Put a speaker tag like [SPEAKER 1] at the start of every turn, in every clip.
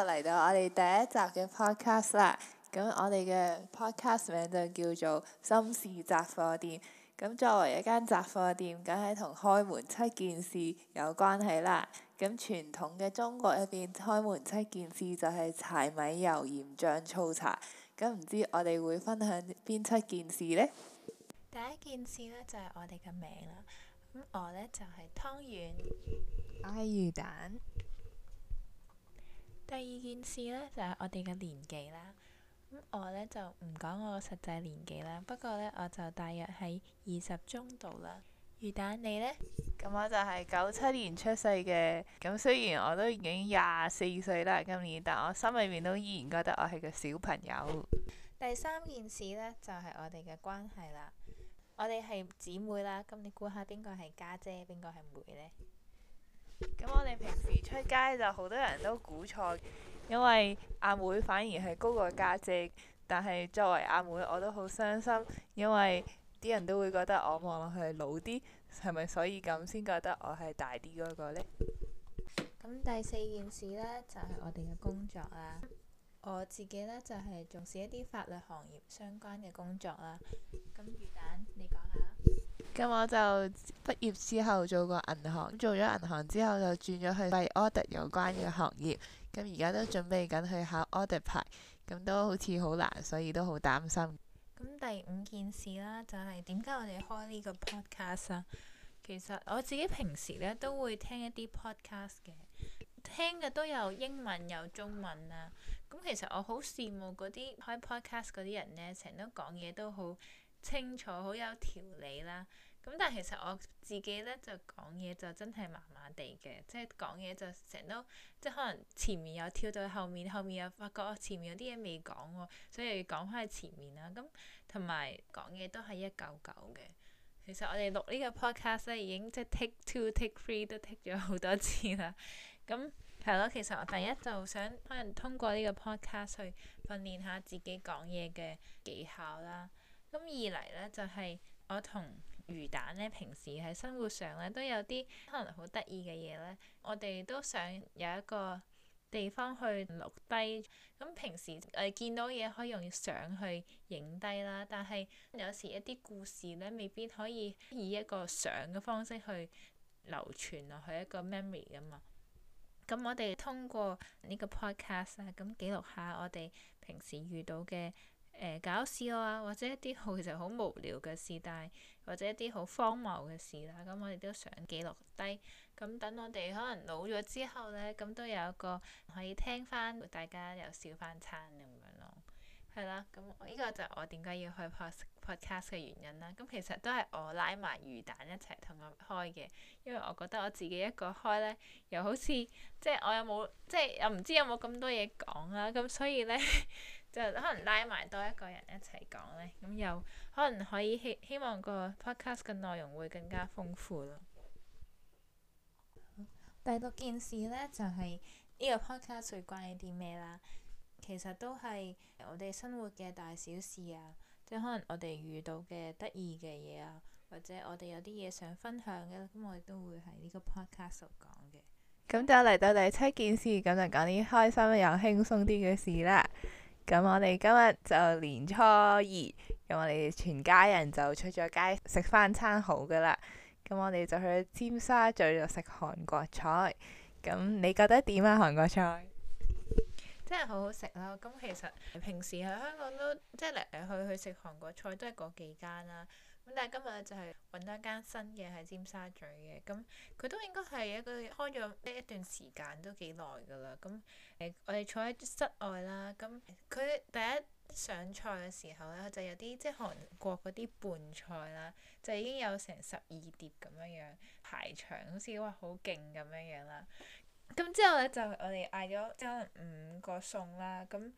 [SPEAKER 1] 就嚟到我哋第一集嘅 podcast 啦，咁我哋嘅 podcast 名就叫做《心事雜貨店》。咁作為一間雜貨店，梗係同開門七件事有關係啦。咁傳統嘅中國入邊，開門七件事就係柴米油鹽醬醋茶。咁唔知我哋會分享邊七件事呢？
[SPEAKER 2] 第一件事呢，就係我哋嘅名啦。咁我呢，就係湯圓，
[SPEAKER 1] 我係魚蛋。第
[SPEAKER 2] 二件事呢，就係我哋嘅年紀啦。咁，嗯，我呢，就唔講我實際年紀啦，不過
[SPEAKER 1] 呢，我就大約喺二十中度啦。魚蛋，你呢？咁我就係九七年出世嘅，咁雖然我都已經廿四歲啦，今年，但我心裏面都依然覺得我係個小朋友。
[SPEAKER 2] 第三件事呢，就係我哋嘅關係啦。我哋係姊妹啦，咁你估下邊個係家姐，邊個係妹呢？
[SPEAKER 1] 咁我哋平時出街就好多人都估錯，因為阿妹反而係高過家姐。但係作為阿妹我都好傷心，因為啲人都會覺得我望落去老啲，係咪所以咁先覺得我係大啲嗰個呢？
[SPEAKER 2] 咁第四件事呢，就係、是、我哋嘅工作啦。我自己呢，就係從事一啲法律行業相關嘅工作啦。咁魚蛋，
[SPEAKER 1] 你講下。咁我就畢業之後做過銀行，做咗銀行之後就轉咗去為 audit 有關嘅行業。咁而家都準備緊去考 audit 牌，咁都好似好難，所以都好擔心。
[SPEAKER 2] 咁第五件事啦，就係點解我哋開呢個 podcast 啊？其實我自己平時呢都會聽一啲 podcast 嘅，聽嘅都有英文有中文啊。咁其實我好羨慕嗰啲開 podcast 嗰啲人呢，成日都講嘢都好清楚，好有條理啦。咁但係其實我自己咧就講嘢就真係麻麻地嘅，即係講嘢就成日都即係可能前面有跳到後面，後面又發覺我前面有啲嘢未講喎，所以又要講翻去前面啦。咁同埋講嘢都係一嚿嚿嘅。其實我哋錄呢個 podcast 都已經即係 take two take three 都 take 咗好多次啦。咁係咯，其實我第一就想可能通過呢個 podcast 去訓練下自己講嘢嘅技巧啦。咁二嚟咧就係、是、我同魚蛋呢，平時喺生活上咧都有啲可能好得意嘅嘢咧，我哋都想有一個地方去錄低。咁平時誒、呃、見到嘢可以用相去影低啦，但係有時一啲故事咧未必可以以一個相嘅方式去流傳落去一個 memory 噶嘛。咁我哋通過呢個 podcast 啊，咁記錄下我哋平時遇到嘅。嗯、搞笑啊，或者一啲好其實好無聊嘅事，但係或者一啲好荒謬嘅事啦，咁我哋都想記錄低。咁等我哋可能老咗之後呢，咁都有一個可以聽翻，大家又笑翻餐咁樣咯。係啦，咁呢個就係我點解要去 pod podcast 嘅原因啦。咁其實都係我拉埋魚蛋一齊同我開嘅，因為我覺得我自己一個開呢，又好似即係我有冇即係又唔知有冇咁多嘢講啦。咁所以呢。 可能拉埋多一個人一齊講呢，咁又可能可以希希望個 podcast 嘅內容會更加豐富咯。第六件事呢，就係、是、呢個 podcast 最關心啲咩啦？其實都係我哋生活嘅大小事啊，即係可能我哋遇到嘅得意嘅嘢啊，或者我哋有啲嘢想分享嘅，咁我哋都會喺呢個 podcast 度講嘅。
[SPEAKER 1] 咁就嚟到第七件事，咁就講啲開心、啊、又輕鬆啲嘅事啦。咁我哋今日就年初二，咁我哋全家人就出咗街食返餐好㗎喇。咁我哋就去尖沙咀度食韓國菜。咁你覺得點啊？韓國菜
[SPEAKER 2] 真係好好食咯、哦。咁其實平時喺香港都即係嚟嚟去去食韓國菜都係嗰幾間啦。咁但係今日就係、是、揾到一間新嘅喺尖沙咀嘅，咁佢都應該係一個開咗呢一段時間都幾耐噶啦。咁誒、呃，我哋坐喺室外啦，咁佢第一上菜嘅時候咧，就有啲即係韓國嗰啲拌菜啦，就已經有成十二碟咁樣樣排場，好似話好勁咁樣樣啦。咁之後咧就我哋嗌咗可能五個餸啦，咁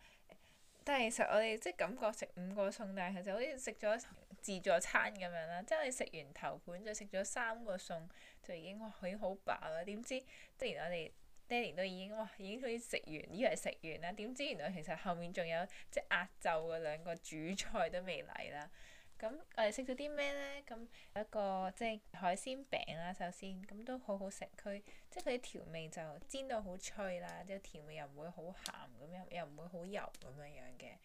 [SPEAKER 2] 但係其實我哋即係感覺食五個餸，但係其實好似食咗。自助餐咁樣啦，即係食完頭盤，再食咗三個餸，就已經哇，佢好飽啦。點知即係原來我哋爹哋都已經哇，已經可以食完，以為食完啦，點知原來其實後面仲有即係壓軸嘅兩個主菜都未嚟啦。咁我哋食咗啲咩呢？咁有一個即係海鮮餅啦，首先咁都好好食，佢即係佢啲調味就煎到好脆啦，即係調味又唔會好鹹咁樣，又唔會好油咁樣樣嘅。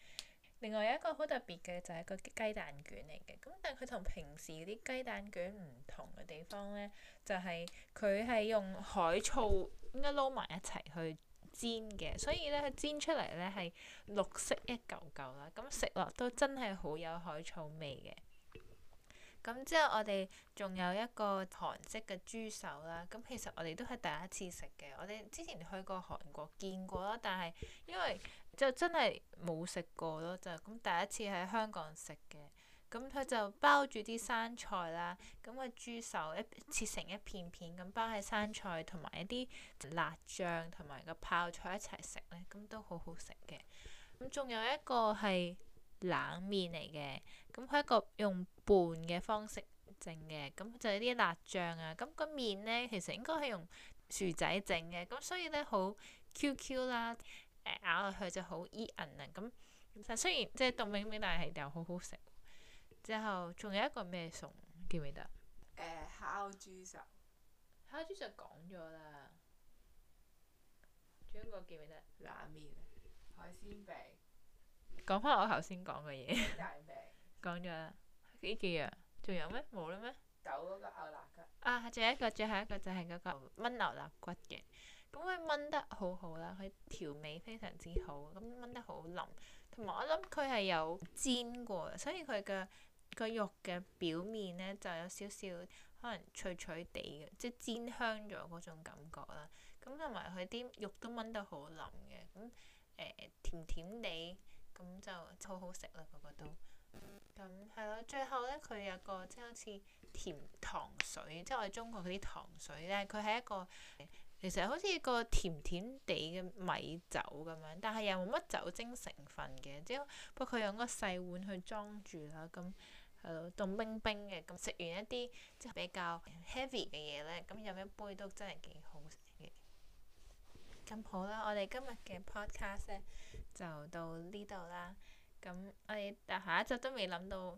[SPEAKER 2] 另外有一個好特別嘅就係一個雞蛋卷嚟嘅，咁但係佢同平時啲雞蛋卷唔同嘅地方呢，就係佢係用海草應該撈埋一齊去煎嘅，所以呢，佢煎出嚟呢係綠色一嚿嚿啦，咁食落都真係好有海草味嘅。咁之後我哋仲有一個韓式嘅豬手啦，咁其實我哋都係第一次食嘅，我哋之前去過韓國見過啦，但係因為，就真係冇食過咯，就咁第一次喺香港食嘅，咁佢就包住啲生菜啦，咁個豬手一切成一片片咁包喺生菜同埋一啲辣醬同埋個泡菜一齊食咧，咁都好好食嘅。咁仲有一個係冷麵嚟嘅，咁佢一個用拌嘅方式整嘅，咁就有啲辣醬啊，咁個麵咧其實應該係用薯仔整嘅，咁所以咧好 Q，Q 啦。誒咬落去就好 even 啊！咁咁但雖然即係凍冰冰，但係又好好食。之後仲有一個咩餸記唔記得？
[SPEAKER 1] 誒烤豬手，烤豬
[SPEAKER 2] 手講咗啦。仲有個記唔記得？冷麵、
[SPEAKER 1] 海鮮餅。
[SPEAKER 2] 講返我頭先講嘅嘢。大餅。講咗啦，呢幾樣仲有咩？
[SPEAKER 1] 冇啦咩？九嗰個牛肋
[SPEAKER 2] 骨。啊，仲有一個，最後一個就係嗰個燜牛肋骨嘅。咁佢炆得好好啦，佢調味非常之好，咁炆得好腍，同埋我諗佢係有煎過，所以佢嘅個肉嘅表面咧就有少少可能脆脆哋嘅，即係煎香咗嗰種感覺啦。咁同埋佢啲肉都炆得好腍嘅，咁、呃、誒甜甜哋，咁就好好食啦，個個都。咁係咯，最後咧佢有個即係好似甜糖水，即係我哋中國嗰啲糖水咧，佢係一個。其實好似個甜甜地嘅米酒咁樣，但係又冇乜酒精成分嘅，只不過佢用個細碗去裝住啦。咁係咯，凍冰冰嘅。咁食完一啲即係比較 heavy 嘅嘢呢，咁飲一杯都真係幾好食嘅。咁好啦，我哋今日嘅 podcast 呢就到呢度啦。咁我哋但下一集都未諗到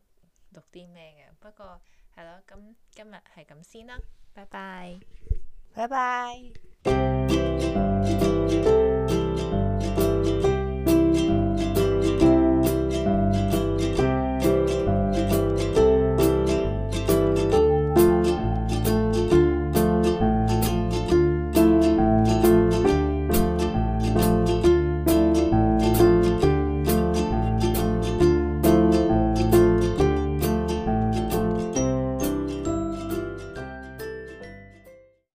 [SPEAKER 2] 錄啲咩嘅，不過係咯，咁今日係咁先啦，拜拜，
[SPEAKER 1] 拜拜。